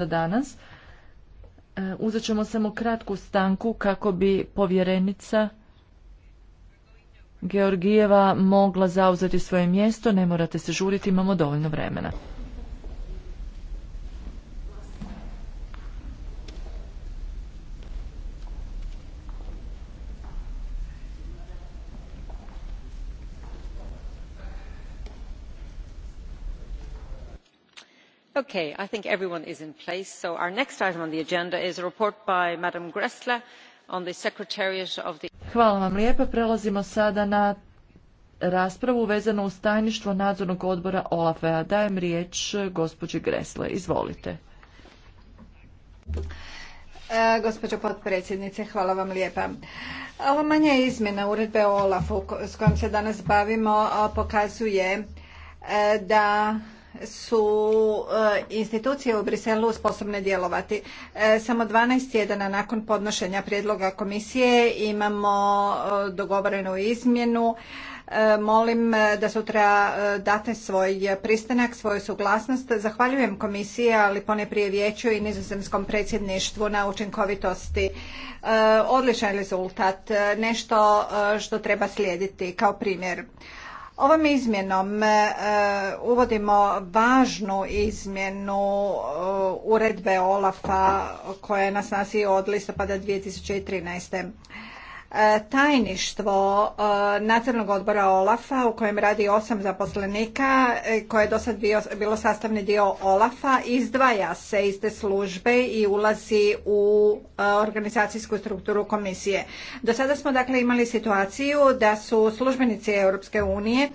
za danas. E, uzet ćemo samo kratku stanku kako bi povjerenica Georgijeva mogla zauzeti svoje mjesto. Ne morate se žuriti, imamo dovoljno vremena. i think everyone is in place so our next item on the Hvala vam lijepa prelazimo sada na raspravu vezanu uz tajništvo nadzornog odbora OLAF-a dajem riječ gospođi Gresle. izvolite E, gospođo potpredsjednice, hvala vam lijepa. Ova manja izmjena uredbe o olaf s kojom se danas bavimo pokazuje e, da su e, institucije u Briselu sposobne djelovati. E, samo 12 tjedana nakon podnošenja prijedloga komisije imamo e, dogovorenu izmjenu. Molim da sutra date svoj pristanak, svoju suglasnost. Zahvaljujem komisiji, ali pone prije vijeću i nizozemskom predsjedništvu na učinkovitosti. Odličan rezultat, nešto što treba slijediti kao primjer. Ovom izmjenom e, e, uvodimo važnu izmjenu e, uredbe Olafa koja je na snazi od listopada 2013. E, tajništvo e, Nacionalnog odbora OLAFA u kojem radi osam zaposlenika e, koje je do sad bio, bilo sastavni dio OLAFA izdvaja se iz te službe i ulazi u organizacijsku strukturu komisije. Do sada smo dakle imali situaciju da su službenici Europske unije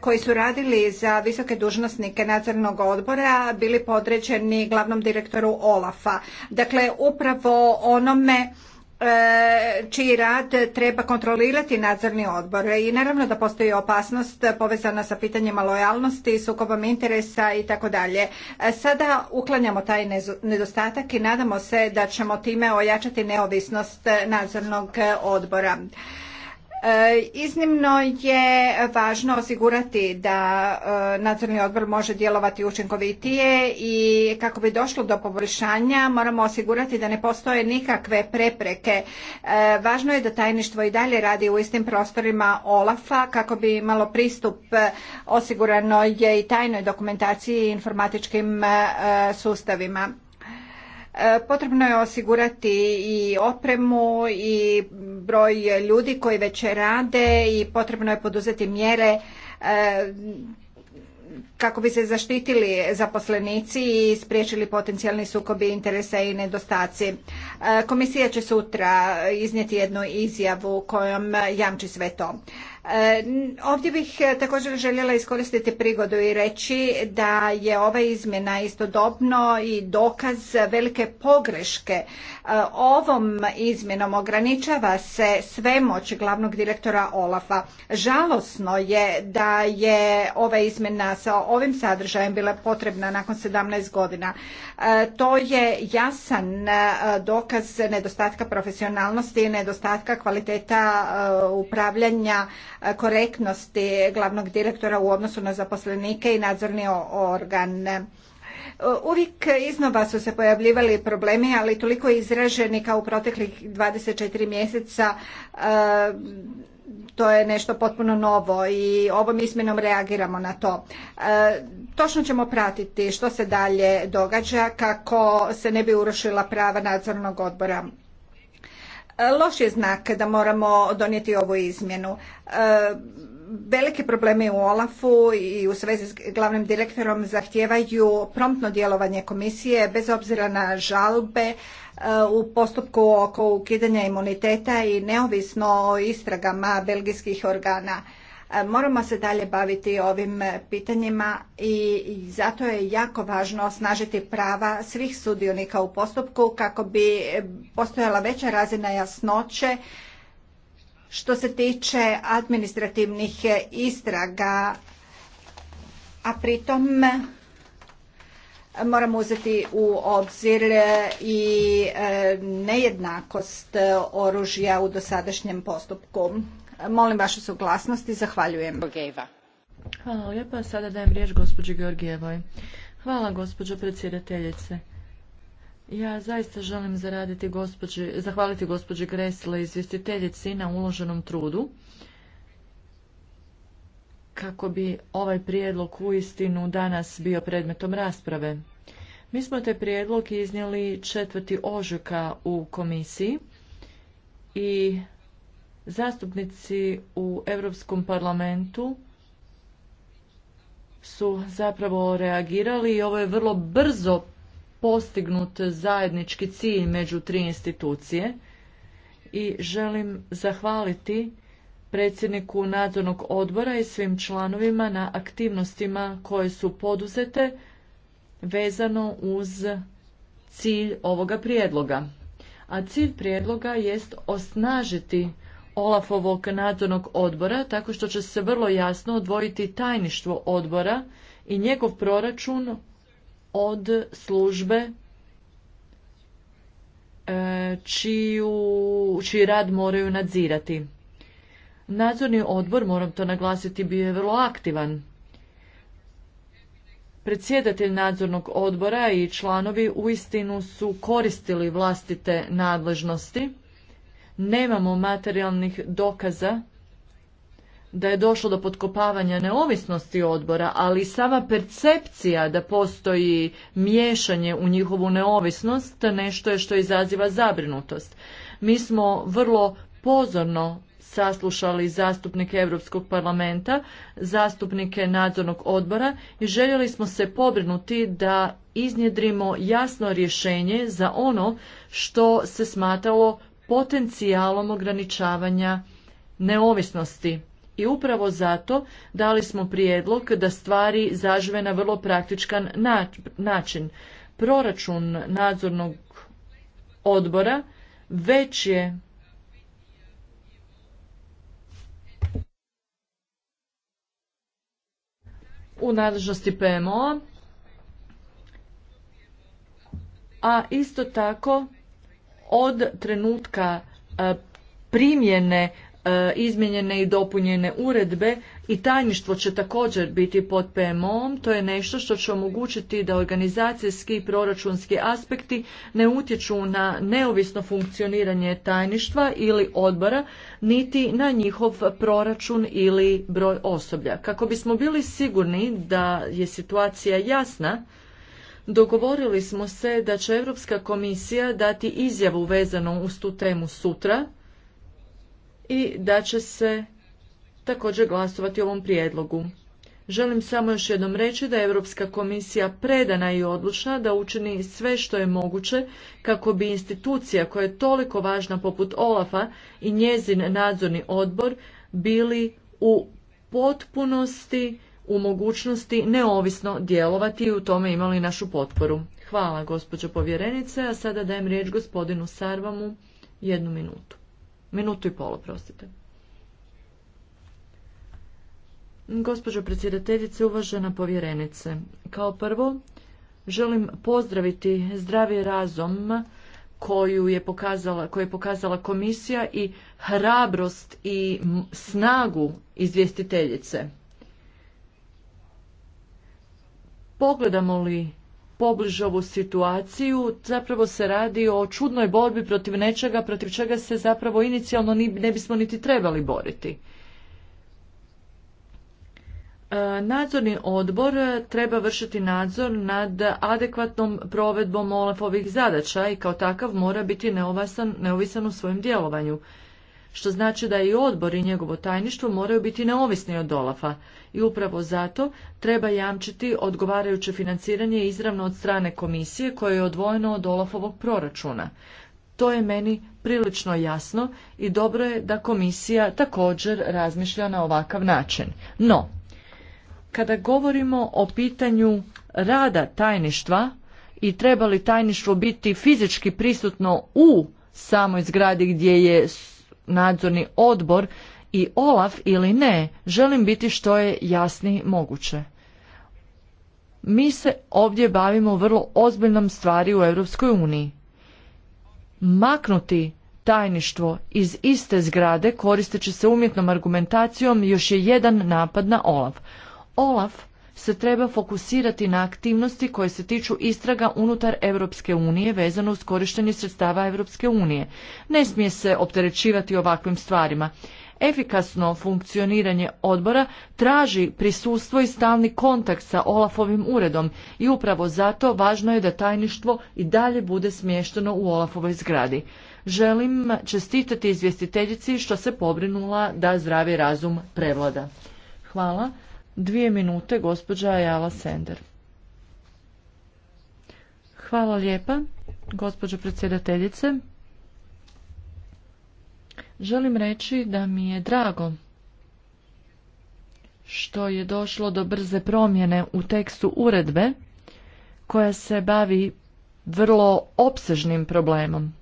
koji su radili za visoke dužnosnike Nacionalnog odbora bili podređeni glavnom direktoru OLAFA. Dakle, upravo onome čiji rad treba kontrolirati nadzorni odbor i naravno da postoji opasnost povezana sa pitanjima lojalnosti, sukobom interesa i tako dalje. Sada uklanjamo taj nedostatak i nadamo se da ćemo time ojačati neovisnost nadzornog odbora. E, iznimno je važno osigurati da e, nadzorni odbor može djelovati učinkovitije i kako bi došlo do poboljšanja moramo osigurati da ne postoje nikakve prepreke. E, važno je da tajništvo i dalje radi u istim prostorima OLAF-a kako bi imalo pristup osiguranoj i tajnoj dokumentaciji i informatičkim sustavima. E, potrebno je osigurati i opremu i broj ljudi koji već rade i potrebno je poduzeti mjere e, kako bi se zaštitili zaposlenici i spriječili potencijalni sukobi interesa i nedostaci. E, komisija će sutra iznijeti jednu izjavu kojom jamči sve to. E, ovdje bih e, također željela iskoristiti prigodu i reći da je ova izmjena istodobno i dokaz velike pogreške. E, ovom izmjenom ograničava se svemoć glavnog direktora Olafa. Žalosno je da je ova izmjena sa ovim sadržajem bila potrebna nakon 17 godina. To je jasan dokaz nedostatka profesionalnosti i nedostatka kvaliteta upravljanja korektnosti glavnog direktora u odnosu na zaposlenike i nadzorni organ. E, uvijek iznova su se pojavljivali problemi, ali toliko izraženi kao u proteklih 24 mjeseca e, to je nešto potpuno novo i ovom izmjenom reagiramo na to. E, točno ćemo pratiti što se dalje događa kako se ne bi urušila prava nadzornog odbora. E, loš je znak da moramo donijeti ovu izmjenu. E, veliki problemi u Olafu i u svezi s glavnim direktorom zahtijevaju promptno djelovanje komisije bez obzira na žalbe e, u postupku oko ukidanja imuniteta i neovisno o istragama belgijskih organa. Moramo se dalje baviti ovim pitanjima i zato je jako važno osnažiti prava svih sudionika u postupku kako bi postojala veća razina jasnoće što se tiče administrativnih istraga, a pritom moramo uzeti u obzir i e, nejednakost oružja u dosadašnjem postupku. Molim vašu suglasnost i zahvaljujem. Hvala lijepa. Sada dajem riječ gospođi Georgijevoj. Hvala gospođo predsjedateljice. Ja zaista želim zaraditi zahvaliti gospođi Gresle izvjestiteljici na uloženom trudu kako bi ovaj prijedlog uistinu danas bio predmetom rasprave. Mi smo te prijedlog iznijeli četvrti ožujka u komisiji i Zastupnici u Europskom parlamentu su zapravo reagirali i ovo je vrlo brzo postignut zajednički cilj među tri institucije i želim zahvaliti predsjedniku nadzornog odbora i svim članovima na aktivnostima koje su poduzete vezano uz cilj ovoga prijedloga. A cilj prijedloga jest osnažiti Olafovog nadzornog odbora tako što će se vrlo jasno odvojiti tajništvo odbora i njegov proračun od službe e, čiju, čiji rad moraju nadzirati. Nadzorni odbor, moram to naglasiti, bio je vrlo aktivan. Predsjedatelj nadzornog odbora i članovi uistinu su koristili vlastite nadležnosti nemamo materijalnih dokaza da je došlo do potkopavanja neovisnosti odbora, ali sama percepcija da postoji miješanje u njihovu neovisnost nešto je što izaziva zabrinutost. Mi smo vrlo pozorno saslušali zastupnike Europskog parlamenta, zastupnike nadzornog odbora i željeli smo se pobrinuti da iznjedrimo jasno rješenje za ono što se smatralo potencijalom ograničavanja neovisnosti. I upravo zato dali smo prijedlog da stvari zažive na vrlo praktičan način. Proračun nadzornog odbora već je u nadležnosti PMO-a, a isto tako od trenutka e, primjene e, izmijenjene i dopunjene uredbe i tajništvo će također biti pod PMO-om. To je nešto što će omogućiti da organizacijski i proračunski aspekti ne utječu na neovisno funkcioniranje tajništva ili odbora, niti na njihov proračun ili broj osoblja. Kako bismo bili sigurni da je situacija jasna, Dogovorili smo se da će Europska komisija dati izjavu vezanu uz tu temu sutra i da će se također glasovati o ovom prijedlogu. Želim samo još jednom reći da je Europska komisija predana i odlučna da učini sve što je moguće kako bi institucija koja je toliko važna poput Olafa i njezin nadzorni odbor bili u potpunosti u mogućnosti neovisno djelovati i u tome imali našu potporu. Hvala gospođo povjerenice, a sada dajem riječ gospodinu Sarvamu jednu minutu. Minutu i polo, prostite. Gospođo predsjedateljice, uvažena povjerenice, kao prvo želim pozdraviti zdravi razum koju je pokazala, koju je pokazala komisija i hrabrost i snagu izvjestiteljice. Pogledamo li pobliže ovu situaciju, zapravo se radi o čudnoj borbi protiv nečega, protiv čega se zapravo inicijalno ne bismo niti trebali boriti. E, nadzorni odbor treba vršiti nadzor nad adekvatnom provedbom olaf zadaća i kao takav mora biti neovisan u svojem djelovanju što znači da i odbor i njegovo tajništvo moraju biti neovisni od Olafa i upravo zato treba jamčiti odgovarajuće financiranje izravno od strane komisije koje je odvojeno od Olafovog proračuna. To je meni prilično jasno i dobro je da komisija također razmišlja na ovakav način. No, kada govorimo o pitanju rada tajništva i treba li tajništvo biti fizički prisutno u samoj zgradi gdje je nadzorni odbor i Olaf ili ne, želim biti što je jasnije moguće. Mi se ovdje bavimo vrlo ozbiljnom stvari u Europskoj uniji. Maknuti tajništvo iz iste zgrade koristeći se umjetnom argumentacijom još je jedan napad na Olaf. Olaf se treba fokusirati na aktivnosti koje se tiču istraga unutar Europske unije vezano uz korištenje sredstava Europske unije. Ne smije se opterećivati ovakvim stvarima. Efikasno funkcioniranje odbora traži prisustvo i stalni kontakt sa Olafovim uredom i upravo zato važno je da tajništvo i dalje bude smješteno u Olafovoj zgradi. Želim čestitati izvjestiteljici što se pobrinula da zdravi razum prevlada. Hvala. Dvije minute, gospođa Jala Sender. Hvala lijepa, gospođo predsjedateljice. Želim reći da mi je drago što je došlo do brze promjene u tekstu uredbe koja se bavi vrlo opsežnim problemom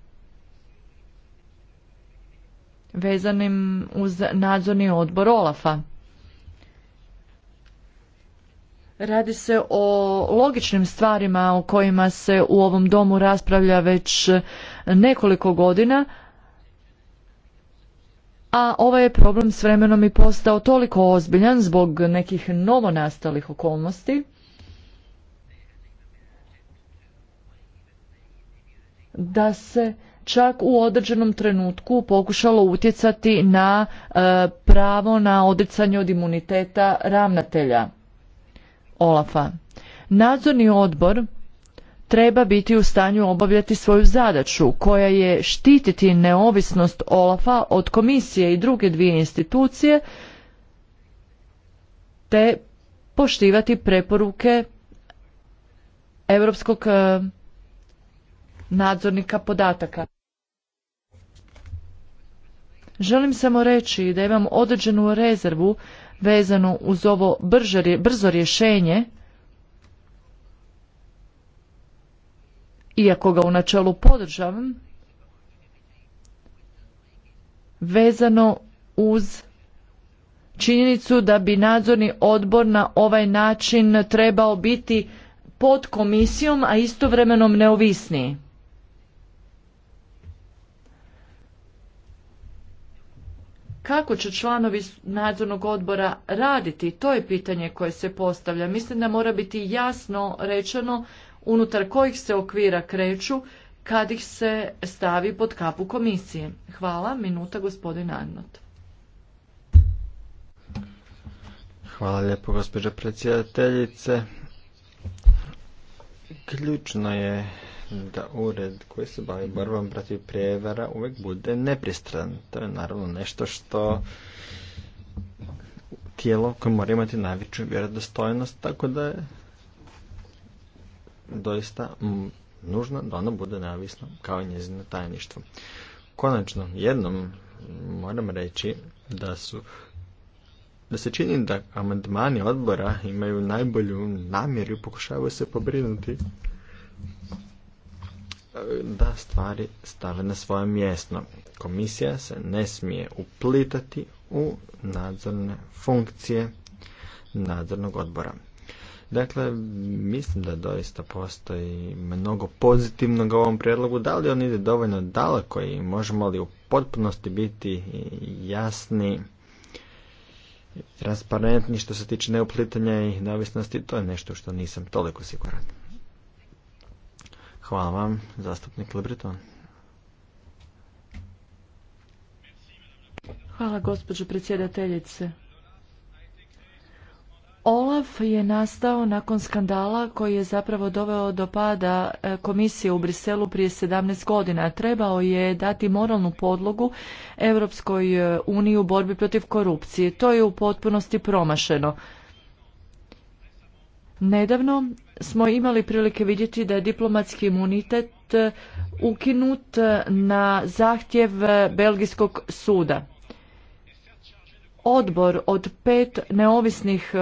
vezanim uz nadzorni odbor Olafa. Radi se o logičnim stvarima o kojima se u ovom domu raspravlja već nekoliko godina, a ovaj je problem s vremenom i postao toliko ozbiljan zbog nekih novonastalih okolnosti da se čak u određenom trenutku pokušalo utjecati na e, pravo na odricanje od imuniteta ravnatelja Olafa. Nadzorni odbor treba biti u stanju obavljati svoju zadaću koja je štititi neovisnost Olafa od komisije i druge dvije institucije te poštivati preporuke europskog e, nadzornika podataka. Želim samo reći da imam određenu rezervu vezano uz ovo brzo rješenje, iako ga u načelu podržavam, vezano uz činjenicu da bi nadzorni odbor na ovaj način trebao biti pod komisijom, a istovremenom neovisniji. Kako će članovi nadzornog odbora raditi? To je pitanje koje se postavlja. Mislim da mora biti jasno rečeno unutar kojih se okvira kreću kad ih se stavi pod kapu komisije. Hvala. Minuta gospodin Arnot. Hvala lijepo predsjedateljice. Ključno je da ured koji se bavi borbom protiv prijevara uvijek bude nepristran. To je naravno nešto što tijelo koje mora imati najveću vjerodostojnost, tako da je doista nužno da ono bude neovisno kao i njezino tajništvo. Konačno, jednom moram reći da su da se čini da amandmani odbora imaju najbolju namjeru i pokušavaju se pobrinuti da stvari stave na svoje mjesto. Komisija se ne smije uplitati u nadzorne funkcije nadzornog odbora. Dakle, mislim da doista postoji mnogo pozitivnog u ovom prijedlogu. Da li on ide dovoljno daleko i možemo li u potpunosti biti jasni, transparentni što se tiče neuplitanja i neovisnosti? To je nešto što nisam toliko siguran. Hvala vam, zastupnik Hvala gospođo predsjedateljice. Olaf je nastao nakon skandala koji je zapravo doveo do pada e, komisije u Briselu prije 17 godina. Trebao je dati moralnu podlogu Europskoj e, uniji u borbi protiv korupcije. To je u potpunosti promašeno. Nedavno smo imali prilike vidjeti da je diplomatski imunitet e, ukinut e, na zahtjev e, Belgijskog suda. Odbor od pet neovisnih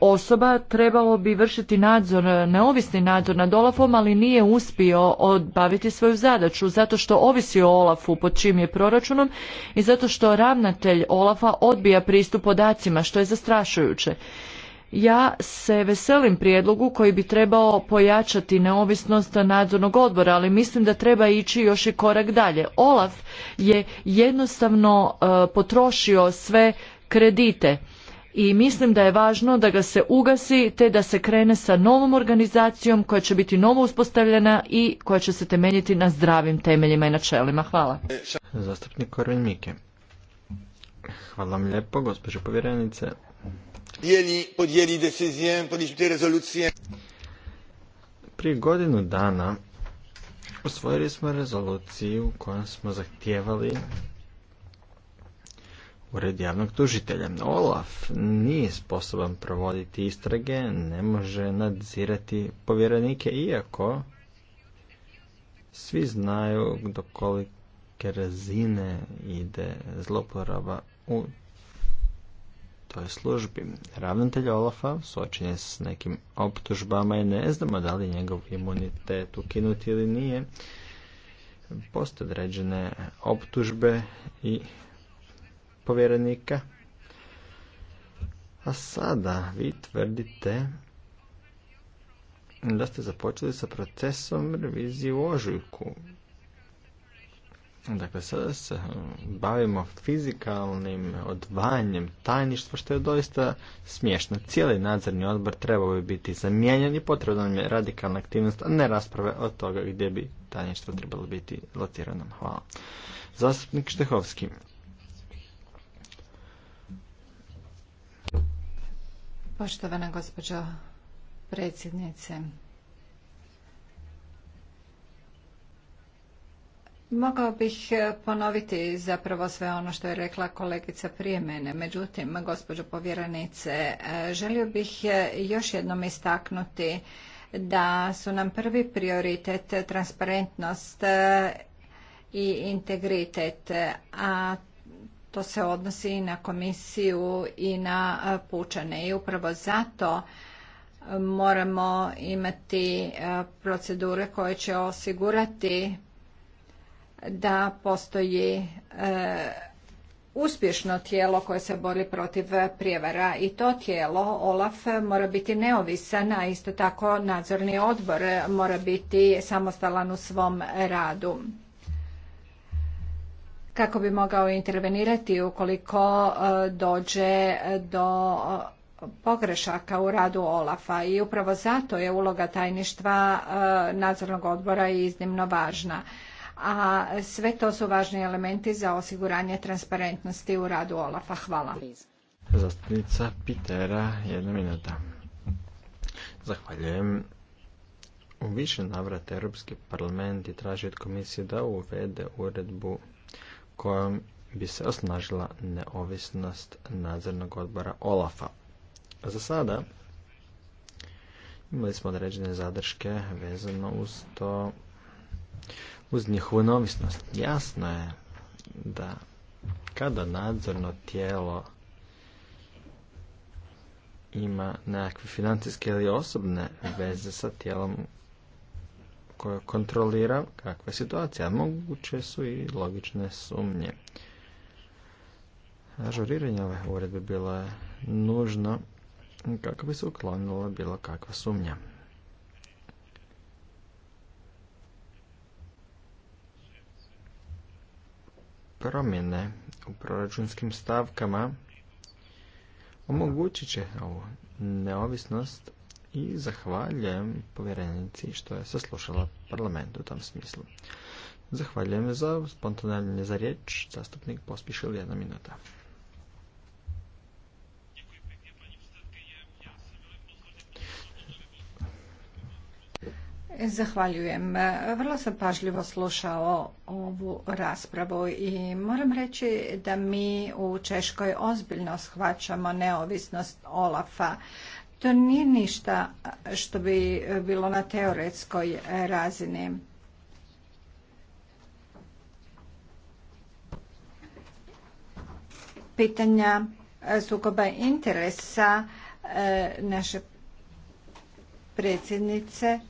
osoba trebalo bi vršiti nadzor, neovisni nadzor nad Olafom, ali nije uspio odbaviti svoju zadaću zato što ovisi o Olafu pod čim je proračunom i zato što ravnatelj Olafa odbija pristup podacima što je zastrašujuće. Ja se veselim prijedlogu koji bi trebao pojačati neovisnost nadzornog odbora, ali mislim da treba ići još i korak dalje. Olaf je jednostavno e, potrošio sve kredite i mislim da je važno da ga se ugasi te da se krene sa novom organizacijom koja će biti novo uspostavljena i koja će se temeljiti na zdravim temeljima i načelima. Hvala. Zastupnik Hvala vam lijepo, gospođo povjerenice rezolucije. Prije godinu dana osvojili smo rezoluciju kojom smo zahtijevali ured javnog tužitelja. Olaf nije sposoban provoditi istrage, ne može nadzirati povjerenike, iako svi znaju do kolike razine ide zloporaba u toj službi. Ravnatelj Olafa suočen je s nekim optužbama i ne znamo da li njegov imunitet ukinut ili nije. Postoje određene optužbe i povjerenika. A sada vi tvrdite da ste započeli sa procesom revizije u ožujku. Dakle, sada se mm, bavimo fizikalnim odvajanjem tajništva, što je doista smiješno. Cijeli nadzorni odbor trebao bi biti zamijenjen i potrebna je radikalna aktivnost, a ne rasprave od toga gdje bi tajništvo trebalo biti locirano. Hvala. Zastupnik Štehovski. Poštovana gospođo predsjednice, Mogao bih e, ponoviti zapravo sve ono što je rekla kolegica prije mene. Međutim, gospođo povjerenice, e, želio bih e, još jednom istaknuti da su nam prvi prioritet transparentnost i integritet, a to se odnosi i na komisiju i na pučane. I upravo zato moramo imati procedure koje će osigurati da postoji e, uspješno tijelo koje se bori protiv prijevara i to tijelo, OLAF, mora biti neovisan, a isto tako nadzorni odbor mora biti samostalan u svom radu kako bi mogao intervenirati ukoliko e, dođe do pogrešaka u radu Olafa i upravo zato je uloga tajništva e, nadzornog odbora iznimno važna a sve to su važni elementi za osiguranje transparentnosti u radu Olafa. Hvala. Zastupnica Pitera, jedna minuta. Zahvaljujem. U više navrata Europski parlament i tražio od komisije da uvede uredbu kojom bi se osnažila neovisnost nadzornog odbora Olafa. Za sada imali smo određene zadrške vezano uz to uz njihovu neovisnost. Jasno je da kada nadzorno tijelo ima nekakve financijske ili osobne veze sa tijelom koje kontrolira kakva je situacija. Moguće su i logične sumnje. Ažuriranje ove uredbe bilo je nužno kako bi se uklonila bilo kakva sumnja. promjene u proračunskim stavkama omogućit će ovu neovisnost i zahvaljujem povjerenici što je saslušala parlament u tom smislu. Zahvaljujem za spontanaljenje za riječ. Zastupnik pospišil jedna minuta. Zahvaljujem. Vrlo sam pažljivo slušao ovu raspravu i moram reći da mi u Češkoj ozbiljno shvaćamo neovisnost Olafa. To nije ništa što bi bilo na teoretskoj razini. Pitanja sukoba interesa e, naše predsjednice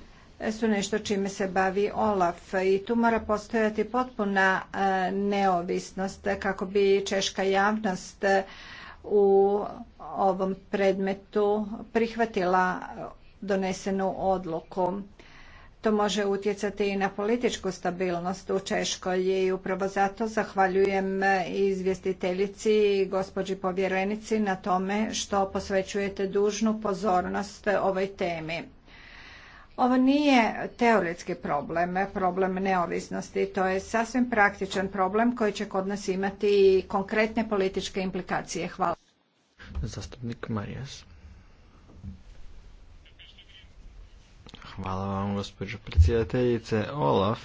su nešto čime se bavi Olaf i tu mora postojati potpuna e, neovisnost kako bi češka javnost e, u ovom predmetu prihvatila donesenu odluku. To može utjecati i na političku stabilnost u Češkoj i upravo zato zahvaljujem e, izvjestiteljici i gospođi povjerenici na tome što posvećujete dužnu pozornost ovoj temi. Ovo nije teoretski problem, problem neovisnosti, to je sasvim praktičan problem koji će kod nas imati konkretne političke implikacije. Hvala. Zastupnik Marijas. Hvala vam, gospođo predsjedateljice. Olaf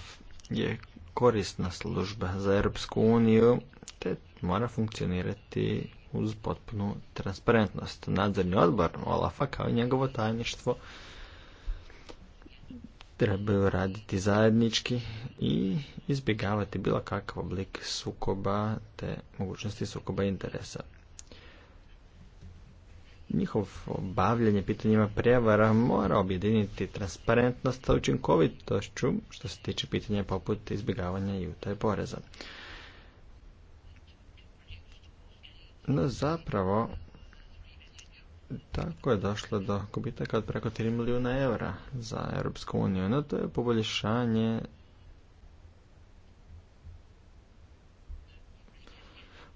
je korisna služba za Europsku uniju, te mora funkcionirati uz potpunu transparentnost. Nadzorni odbor Olafa kao i njegovo tajništvo trebaju raditi zajednički i izbjegavati bilo kakav oblik sukoba te mogućnosti sukoba interesa. Njihov obavljanje pitanjima prijevara mora objediniti transparentnost sa učinkovitošću što se tiče pitanja poput izbjegavanja i utaje poreza. No zapravo tako je došlo do gubitaka od preko 3 milijuna eura za Europsku uniju, no to je poboljšanje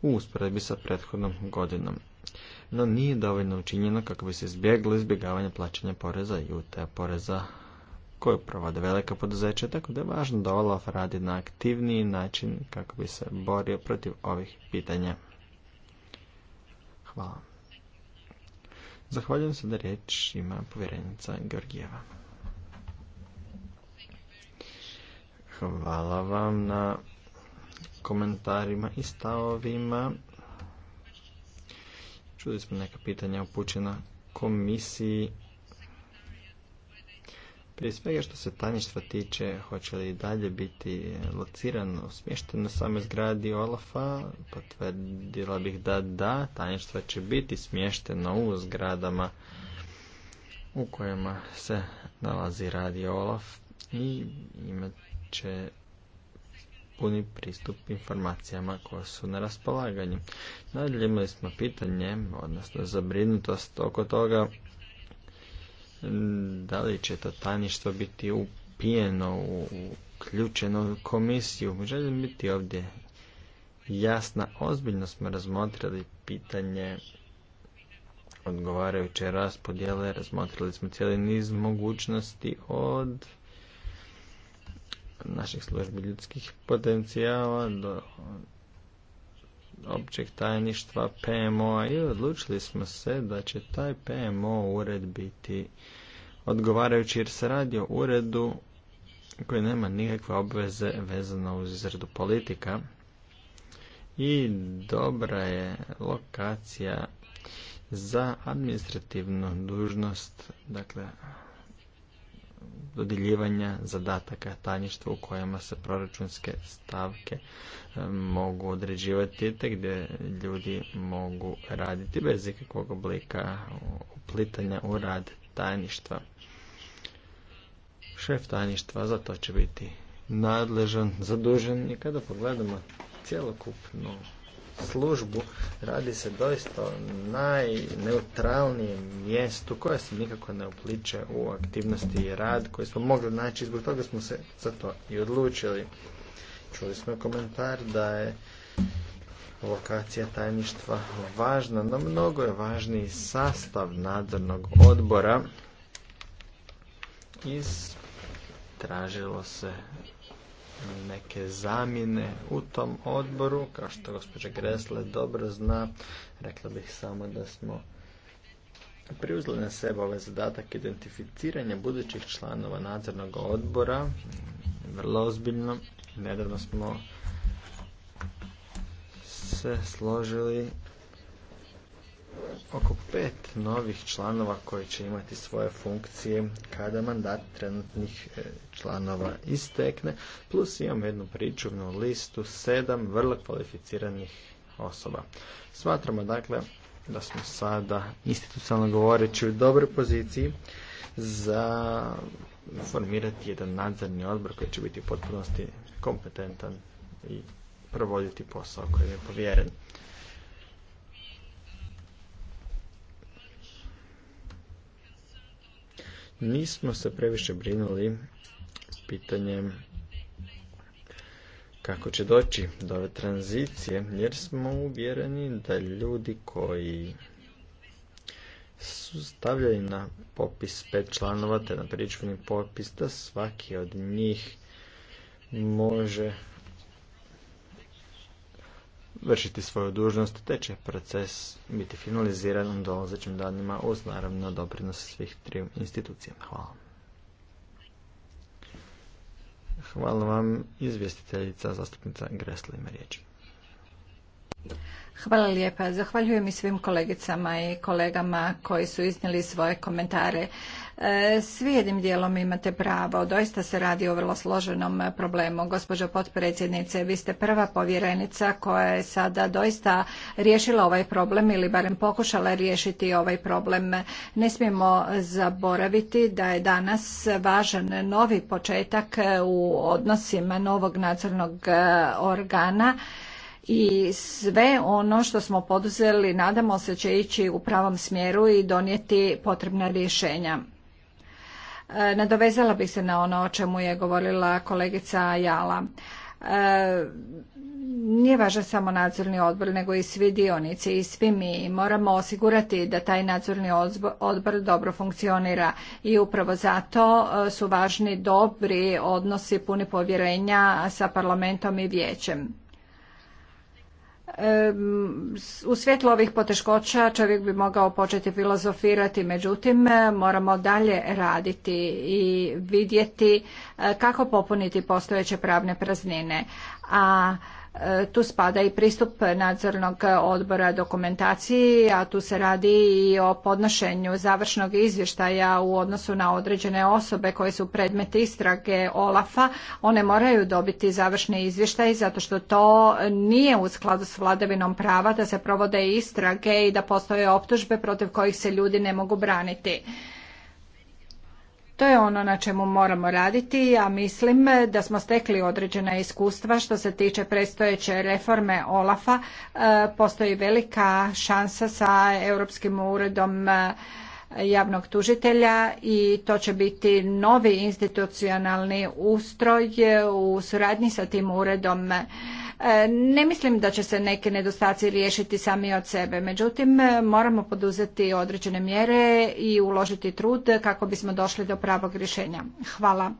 u usporedbi sa prethodnom godinom. No nije dovoljno učinjeno kako bi se izbjeglo izbjegavanje plaćanja poreza i UTE poreza koju provode velika poduzeća, tako da je važno da Olaf radi na aktivniji način kako bi se borio protiv ovih pitanja. Hvala. Zahvaljujem se da riječ ima povjerenica Georgijeva. Hvala vam na komentarima i stavovima. Čuli smo neka pitanja upućena komisiji prije svega što se tajništva tiče, hoće li i dalje biti locirano, smješteno na same zgradi Olafa, potvrdila bih da da, tajništva će biti smještena u zgradama u kojima se nalazi radi Olaf i imat će puni pristup informacijama koje su na raspolaganju. Nadalje imali smo pitanje, odnosno zabrinutost oko toga Mm, da li će to tajništvo biti upijeno, uključeno u komisiju. Želim biti ovdje jasna, ozbiljno smo razmotrili pitanje odgovarajuće raspodjele, razmotrili smo cijeli niz mogućnosti od naših službi ljudskih potencijala do općeg tajništva PMO-a i odlučili smo se da će taj PMO ured biti odgovarajući jer se radi o uredu koji nema nikakve obveze vezano uz izradu politika i dobra je lokacija za administrativnu dužnost, dakle dodjeljivanja zadataka tajništva u kojima se proračunske stavke e, mogu određivati te gdje ljudi mogu raditi bez ikakvog oblika uplitanja u rad tajništva. Šef tajništva za to će biti nadležan, zadužen i kada pogledamo cjelokupnu službu, radi se doista o najneutralnijem mjestu koje se nikako ne upliče u aktivnosti i rad koji smo mogli naći, zbog toga smo se za to i odlučili. Čuli smo komentar da je lokacija tajništva važna, no mnogo je važniji sastav nadzornog odbora iz tražilo se neke zamjene u tom odboru, kao što gospođa Gresle dobro zna, rekla bih samo da smo preuzeli na sebe ovaj zadatak identificiranja budućih članova nadzornog odbora, vrlo ozbiljno, nedavno smo se složili oko pet novih članova koji će imati svoje funkcije kada mandat trenutnih e, članova istekne, plus imam jednu pričuvnu listu sedam vrlo kvalificiranih osoba. Smatramo dakle da smo sada institucionalno govoreći u dobroj poziciji za formirati jedan nadzorni odbor koji će biti u potpunosti kompetentan i provoditi posao koji je povjeren. nismo se previše brinuli pitanjem kako će doći do ove tranzicije, jer smo uvjereni da ljudi koji su stavljali na popis pet članova, te na pričuvni popis, da svaki od njih može vršiti svoju dužnost, te će proces biti finaliziran u dolazećim danima uz naravno doprinos svih tri institucija. Hvala. Hvala vam, izvjestiteljica, zastupnica Gresla ima riječ. Hvala lijepa. Zahvaljujem i svim kolegicama i kolegama koji su iznijeli svoje komentare. E, Svi jednim dijelom imate pravo. Doista se radi o vrlo složenom problemu. Gospođo potpredsjednice, vi ste prva povjerenica koja je sada doista riješila ovaj problem ili barem pokušala riješiti ovaj problem. Ne smijemo zaboraviti da je danas važan novi početak u odnosima novog nadzornog e, organa i sve ono što smo poduzeli nadamo se će ići u pravom smjeru i donijeti potrebna rješenja. E, nadovezala bih se na ono o čemu je govorila kolegica Jala. E, nije važan samo nadzorni odbor, nego i svi dionici i svi mi moramo osigurati da taj nadzorni odbor dobro funkcionira i upravo zato e, su važni dobri odnosi puni povjerenja sa parlamentom i vijećem. U svjetlu ovih poteškoća čovjek bi mogao početi filozofirati, međutim e, moramo dalje raditi i vidjeti e, kako popuniti postojeće pravne praznine. A E, tu spada i pristup nadzornog odbora dokumentaciji, a tu se radi i o podnošenju završnog izvještaja u odnosu na određene osobe koje su predmet istrage OLAF-a. One moraju dobiti završni izvještaj zato što to nije u skladu s vladavinom prava da se provode istrage i da postoje optužbe protiv kojih se ljudi ne mogu braniti. To je ono na čemu moramo raditi. Ja mislim da smo stekli određena iskustva što se tiče predstojeće reforme OLAFA. E, postoji velika šansa sa Europskim uredom e, javnog tužitelja i to će biti novi institucionalni ustroj u suradnji sa tim uredom. E, ne mislim da će se neke nedostaci riješiti sami od sebe, međutim moramo poduzeti određene mjere i uložiti trud kako bismo došli do pravog rješenja. Hvala.